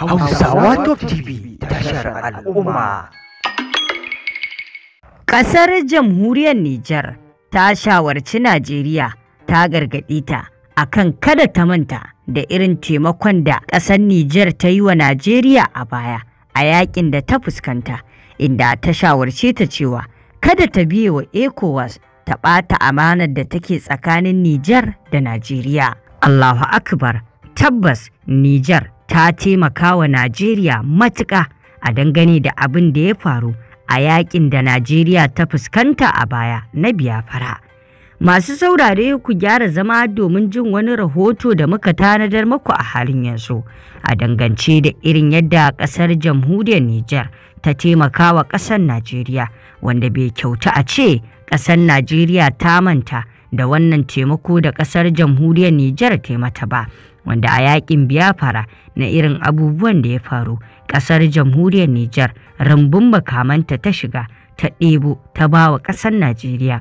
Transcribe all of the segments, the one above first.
Hausawa Top TV tashar al'umma. Ƙasar jamhuriyar Nijar ta shawarci Najeriya ta gargaɗi ta akan kada ta manta da irin taimakon da ƙasar Nijar ta yi wa Najeriya a baya a yakin da ta fuskanta inda ta shawarce ta cewa kada ta biye wa ECOWAS ta ɓata amanar da take tsakanin Nijar da Najeriya. Allahu Akbar tabbas Nijar ta taimaka wa Najeriya matuƙa a dangane da abin da ya faru a yakin da Najeriya ta fuskanta a baya na biyafara. Masu saurare ku gyara zama domin jin wani rahoto da muka tanadar muku a halin yanzu a dangance da irin yadda ƙasar jamhuriyar Nijar ta taimaka wa ƙasar Najeriya wanda bai kyauta a ce ƙasar Najeriya ta manta. da wannan taimako da ƙasar jamhuriyar Nijar ta mata ba, wanda a yakin biyafara na irin abubuwan da ya faru, ƙasar jamhuriyar Nijar rambun makamanta ta shiga ta ɗebo ta ba wa ƙasar Najeriya.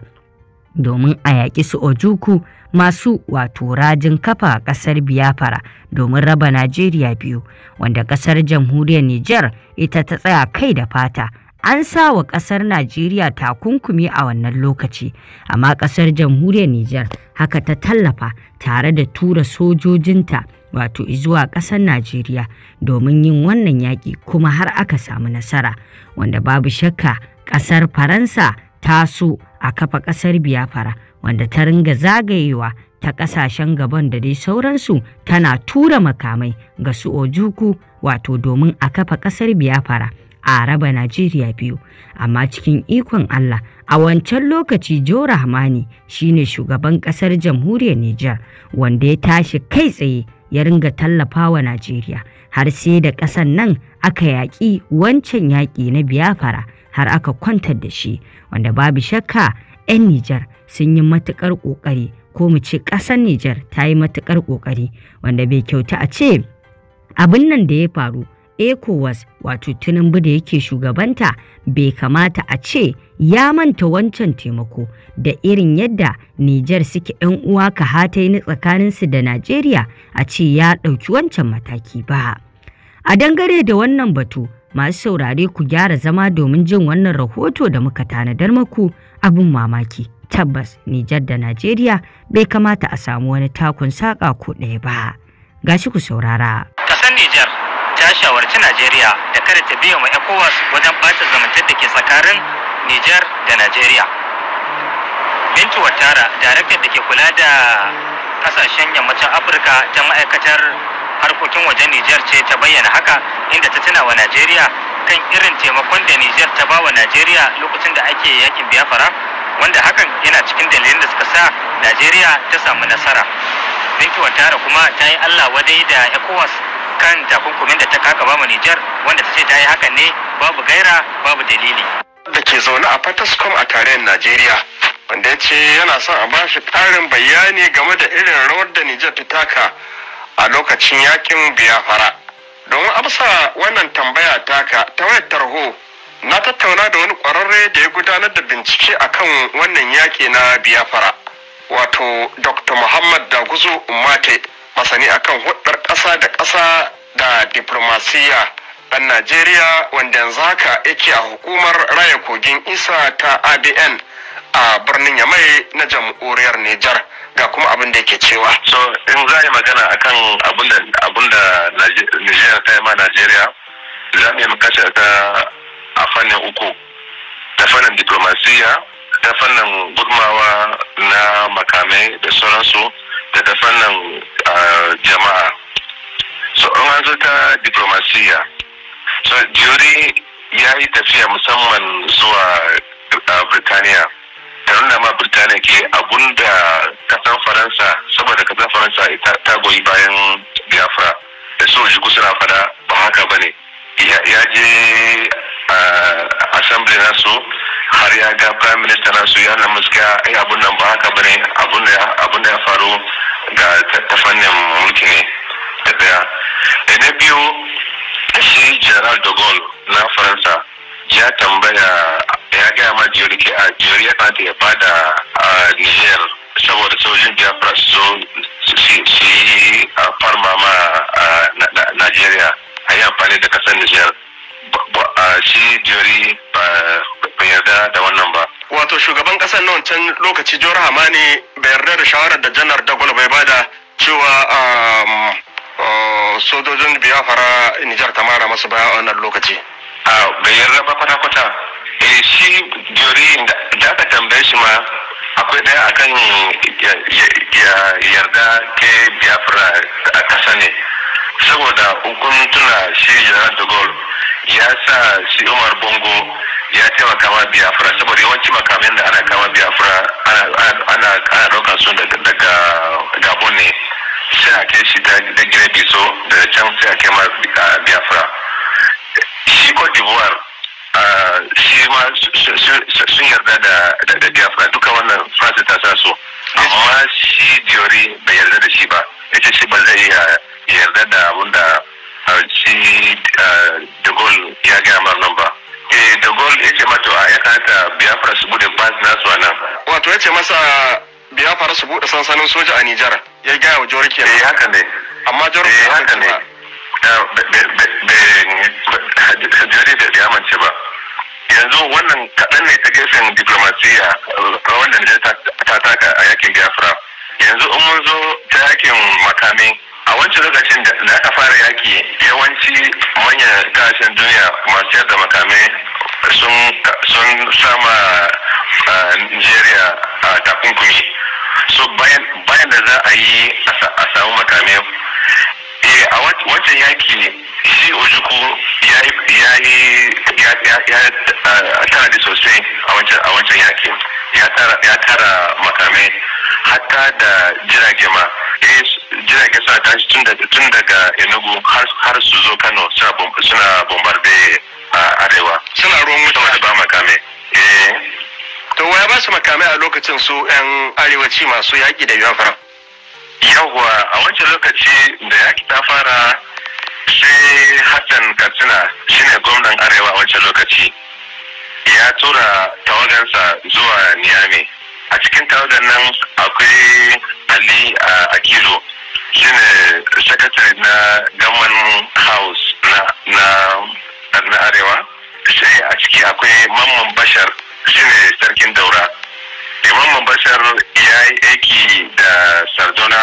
domin a yaƙi su ojuku masu wato rajin kafa ƙasar biyafara domin raba najeriya biyu wanda ƙasar jamhuriyar Nijar ita ta tsaya kai da fata an sa wa ƙasar Najeriya takunkumi a wannan lokaci, amma ƙasar jamhuriyar Nijar haka ta tallafa tare da tura sojojinta wato zuwa ƙasar Najeriya domin yin wannan yaƙi kuma har aka samu nasara, wanda babu shakka ƙasar Faransa ta so a kafa ƙasar Biyafara, wanda ta ringa zagayewa ta ƙasashen gaban da dai sauransu tana tura makamai ga su Ojuku wato domin a kafa ƙasar Biyafara. a raba Najeriya biyu, amma cikin ikon Allah a wancan lokaci Joe Rahmani shine shugaban ƙasar jamhuriyar Nijar wanda ya tashi kai tsaye ya ringa tallafawa Najeriya har sai da ƙasan nan aka yaƙi wancan yaƙi na biyafara har aka kwantar da shi wanda babu shakka 'yan Nijar sun yi matuƙar ƙoƙari ko mu ce ƙasar Nijar ta yi matuƙar ƙoƙari wanda bai kyauta a ce abin nan da ya faru ECOWAS wato Tinubu da yake shugabanta bai kamata a ce ya manta wancan taimako da irin yadda Nijar suke 'yan uwa ka hatai na tsakaninsu da Najeriya a ce ya ɗauki wancan mataki ba. A dangare da wannan batu masu saurare ku gyara zama domin jin wannan rahoto da muka tanadar maku abin mamaki. Tabbas Nijar da Najeriya bai kamata a samu wani takun saƙa ko ɗaya ba. Gashi ku saurara. ta shawarci Najeriya da kada ta biya wa ECOWAS wajen bata zamantar da ke tsakanin Nijar da Najeriya. Bintu Watara, daraktar da ke kula da kasashen yammacin Afirka ta ma'aikatar harkokin wajen Nijar ce ta bayyana haka inda ta tuna wa Najeriya kan irin taimakon da Nijar ta ba wa Najeriya lokacin da ake yakin Biafra wanda hakan yana cikin dalilin da suka sa Najeriya ta samu nasara. Bintu Watara kuma ta yi Allah wadai da ECOWAS kan takunkumin da ta kaka ba Nijar wanda ta ce ta yi hakan ne babu gaira babu dalili. Da ke zaune a Fataskom a tarayyar Najeriya wanda ya ce yana son a ba shi ƙarin bayani game da irin rawar da Nijar ta taka a lokacin yakin Biafra. Domin amsa wannan tambaya taka ta wayar tarho na tattauna da wani ƙwararre da ya gudanar da bincike akan wannan yaƙi na Biafra. Wato Dr. Muhammad Daguzo Umate. masani akan hudar ƙasa da ƙasa da diplomasiya ɗan najeriya wanda yanzu haka yake a hukumar raya kogin isa ta abn a birnin yamai na jamhuriyar nijar ga kuma abin da yake cewa so in za yi magana akan abin da nigeria ta yi ma najeriya za mu yi makasha ta a fannin uku ta fannin diplomasiya ta fannin gudumawa na makamai da sauransu da ta fannin jama'a so an an ta diplomasiya so jori ya yi tafiya musamman zuwa birtaniya ta nuna ma birtaniya ke abunda kasar faransa saboda kasar faransa ta goyi bayan biafra da soji kusa na fada ba haka ba ne ya je assembly nasu har ya ga prime minister na su yana muska ai abun nan ba haka bane abun da ya faru ga ta fannin mulki ne da daya da na biyu shi general de gaulle na faransa ya tambaya ya gaya ma jirgi a jiyar ya kanta ya bada a niger saboda sojin biafra su su yi farma ma nigeria a yi amfani da kasar niger shi jori ba yarda da wannan ba wato shugaban kasar na wancan lokaci jihar ne bai yarda da shawarar da janar dagwal bai da cewa um, uh, sojojin biyafara nijar ta mara masu baya a wannan lokaci a bai yarda ba kwata-kwata eh, shi jori da aka tambaye shi ma akwai ɗaya akan yarda ke biyafara a kasa ne saboda hukuntuna shi janar gol ya sa shi umar bongo ya taimaka ma biafra saboda yawanci makamin da ana kama biafra ana ɗaukar su daga gabon ne sai a kai shi da gine biso da can sai a kai ma biafra shi cote d'ivoire shi ma sun yarda da biafra duka wannan france ta sa so amma shi diori bai yarda da shi ba ita shi ba zai yarda da abun da shi da eh, gol ya gaya mar nan ba eh da gol ya ce mata a ah, ya kata biafra su bude bas nasu a nan wato ya ce masa biafra su bude sansanin soja a nijar ya gaya wa jawar kenan eh haka ne amma jawar eh haka ne jari da ya mance ba yanzu wannan kaɗan ne ta gefen diplomasiya eh, wannan da ta taka a yakin biafra yanzu in mun zo ta yakin makami a wancan lokacin da aka fara yaki yawanci manyan kasashen duniya masu yadda makamai sun sama a nigeria a takunkumi so bayan da za a yi a samu makamai eh, a wancan yaki shi ojuku ya yi da sosai a wancan yaki ya tara makamai hatta da jirage ma eh, jiragen sa tashi tun daga enugu har su zo kano suna bombarde a arewa suna ruwan wuta da ba makame eh. to waya ba su makame a lokacin su yan arewaci masu yaƙi da yuwan fara yawwa a wancan lokaci da yaƙi ta fara sai hassan katsina shine gwamnan arewa a wancan lokaci ya tura tawagansa zuwa niyame a cikin tawagan nan akwai ali a Akizo. shine sakatare na gaman house na arewa sai a ciki akwai mamman bashar shine sarkin daura eh, mamman bashar ya yi aiki da sardona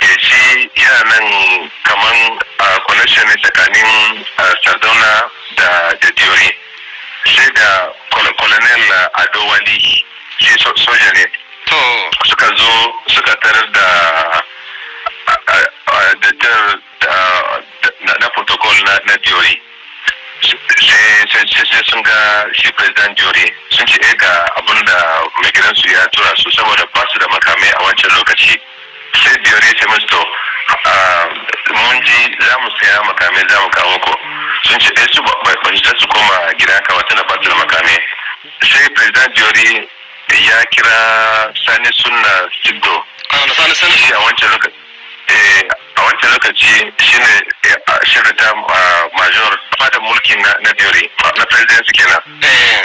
ya eh, ci yana nan kaman connection ne tsakanin sardona da jadiyori sai da colonel ado wali shi soja ne suka zo suka tarar da na protocol na diori sai sun ga shi president diori sun ce ga abin da mai ya tura su saboda ba su da makamai a wancan lokaci sai diori ce musu to mun ji za mu saya makamai za mu kawo ko sun ce ɗaya su ban su koma gida ka wata na ba da makamai sai president diori ya kira sani suna siddo a wancan lokaci Eh, a wancan lokaci shine eh, shirin ta major fadar mulki na biyori na presidency kenan eh.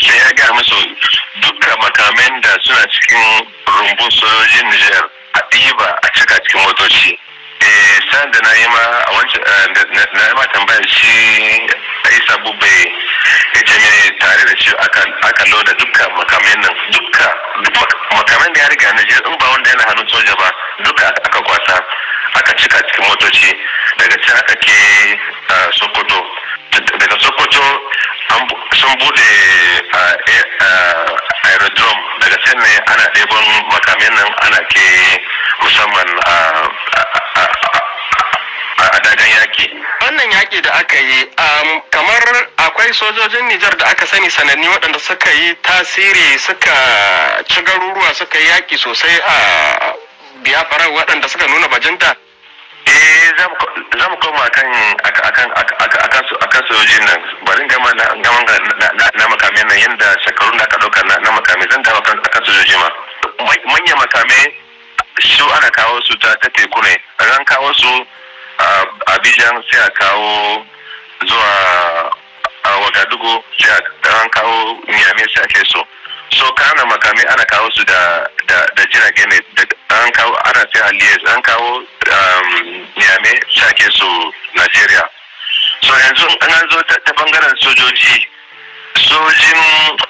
sai ya gaya musu dukkan makamai da suna cikin rumbun sojojin niger a ɗiba a cika cikin motoci sa'an da na yi ma a wancan na yi ma tambayar shi isa bubbe ya ce mai tare da shi aka loda dukkan makamai nan dukkan makamai da ya riga niger in ba wanda yana hannun soja ba cika cikin motoci daga can aka ke sokoto daga sokoto sun bude aerodrome daga can ne ana ɗebon makamin nan ana ke musamman a dagan yaki wannan yaki da aka yi kamar akwai sojojin nijar da aka sani sananni waɗanda suka yi tasiri suka ci garuruwa suka yi yaki sosai a biyafara waɗanda suka nuna bajinta eh za mu koma akan akan akan sojojin nan bari gama na gama na makamai nan yanda shekarun da aka dauka na makamai zan dawo akan sojoji ma manyan makamai su ana kawo su ta ta teku ne ran kawo su a abijan sai a kawo zuwa a wagadugu sai a ran kawo niyame sai a kai su so kana makamai ana kawo su da da jirage ne an kawo ana sai aliyas an kawo yame um, sake su Najeriya. So yanzu an zo ta bangaren sojoji, sojin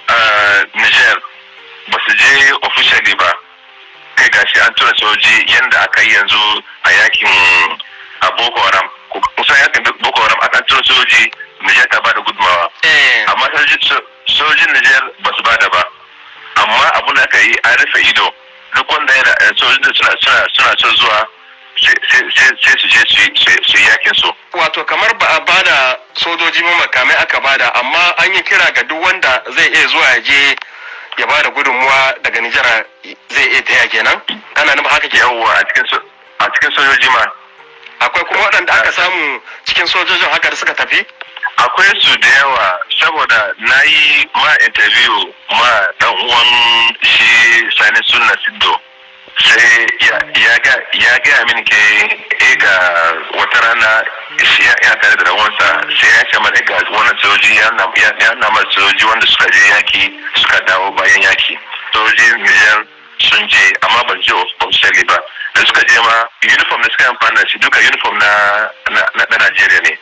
uh, Niger ba su je officially ba. Kai gashi an tura soji yadda aka yi yanzu a yakin a Boko Haram. Kusan yakin Boko Haram aka tura soji Niger ta ba da gudumawa. Eh. Amma sojin Niger ba su ba da ba. Amma abu da aka yi an rufe ido. Duk wanda yana sojin da suna suna suna zuwa sai su je su yi yakin su. Wato kamar ba a bada sojoji ma makamai aka bada amma an yi kira ga duk wanda zai iya zuwa ya je ya bada gudunmuwa daga Nijar'a zai iya taya kenan? Kana nufin haka ke yawwa a cikin sojoji ma. Akwai kuma waɗanda aka samu cikin sojojin haka da suka tafi? akwai su da yawa saboda na yi ma interview ma ɗan uwan shi sani sunna Sido. sai ya gaya mini ke eh, ga wata rana ya tare da rawansa sai ya ce mana eh, ga wannan soji ya nama soji wanda suka je yaki suka dawo bayan yaki soji miliyan sun je amma ban je officially ba da suka je ma uniform da suka yi amfani da shi duka uniform na na Najeriya ne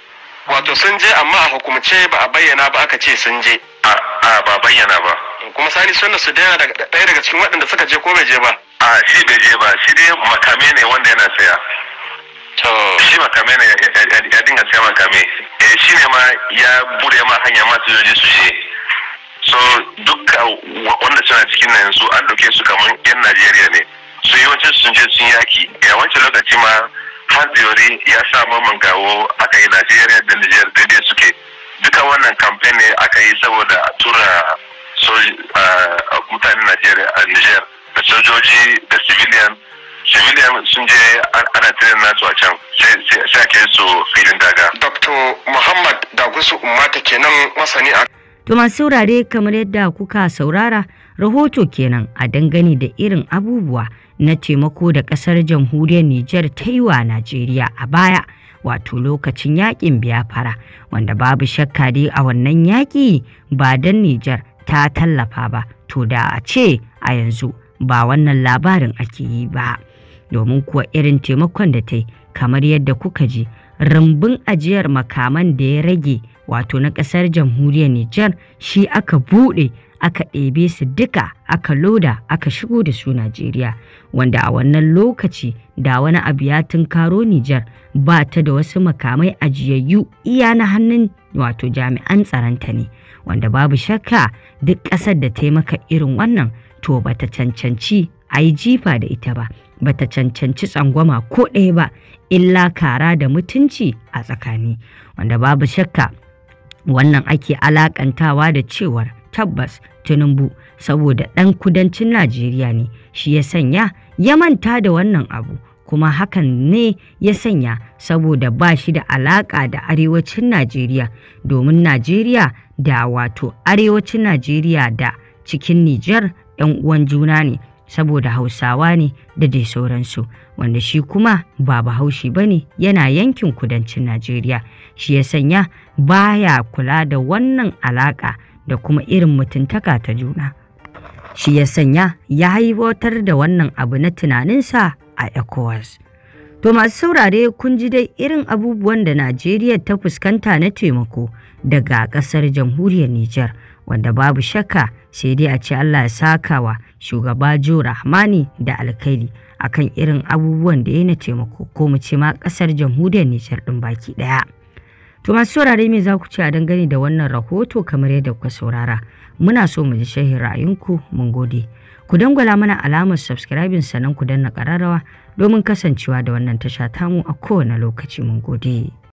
wato sun je amma a hukumce ba a bayyana ba aka ce sun je a ba bayyana ba kuma sani sunna su daina ɗaya daga cikin waɗanda suka je ko bai je ba a shi bai je ba shi dai makame ne wanda yana saya to shi makame ne ya dinga saya makame eh shi ne ma ya bude ma hanya ma su je su je so duk wanda suna cikin nan yanzu an dauke su kamar yan Najeriya ne su yawancin sun je sun yaki eh, a wancan lokaci ma har ya sa mamman gawo aka yi Najeriya da Nijar dai suke duka wannan kamfen ne aka yi saboda tura mutanen Najeriya a Nijar da sojoji da civilian civilian sun je ana tirin nasu a can sai ake su filin daga dr muhammad dagusu umata kenan masani a to masu saurare kamar yadda kuka saurara rahoto kenan a dangane da irin abubuwa na taimako da kasar jamhuriyar Nijar ta yi wa Najeriya a baya wato lokacin yakin biyafara wanda babu shakka dai a wannan yaki ba dan Nijar ta tallafa ba to da a ce a yanzu ba wannan labarin ake yi ba domin kuwa irin taimakon da ta yi kamar yadda kuka ji rumbun ajiyar makaman da ya rage wato na ƙasar jamhuriyar Nijar shi aka buɗe aka ɗebe su duka aka loda aka shigo da su Najeriya wanda a wannan lokaci da wani abu ya tunkaro Nijar ba ta da wasu makamai ajiyayyu iya na hannun wato jami'an tsaronta ne wanda babu shakka duk ƙasar da ta yi maka irin wannan to bata cancanci a yi jifa da ita ba bata cancanci tsangwama ko ɗaya ba illa kara da mutunci a tsakani wanda babu shakka wannan ake alakantawa da cewar tabbas tinubu saboda ɗan kudancin najeriya ne shi ya sanya ya manta da wannan abu kuma hakan ne ya sanya saboda ba shi da alaƙa da arewacin Najeriya domin Najeriya da wato arewacin Najeriya da cikin Nijar 'yan uwan juna ne saboda hausawa ne da dai sauransu wanda shi kuma ba bahaushe ba ne yana yankin kudancin najeriya shi ya sanya baya kula da wannan alaƙa da kuma irin mutuntaka ta juna shi ya sanya ya haifotar da wannan abu na tunaninsa a ecowas to masu saurare kun ji dai irin abubuwan da najeriya ta fuskanta na taimako daga ƙasar jamhuriyar Nijar? wanda babu shakka sai dai a ce Allah ya sakawa shugaba Jo Rahmani da alkhairi akan irin abubuwan da ya na taimako ko mu ce ma kasar jamhuriyar Nijar din baki daya. To masu saurare me za ku ce a dangane da wannan rahoto kamar yadda kuka saurara. Muna so mu ji shahin ra'ayinku mun gode. Ku dangwala mana alamar subscribing sannan ku danna kararrawa domin kasancewa da wannan tasha tamu a kowane lokaci mun gode.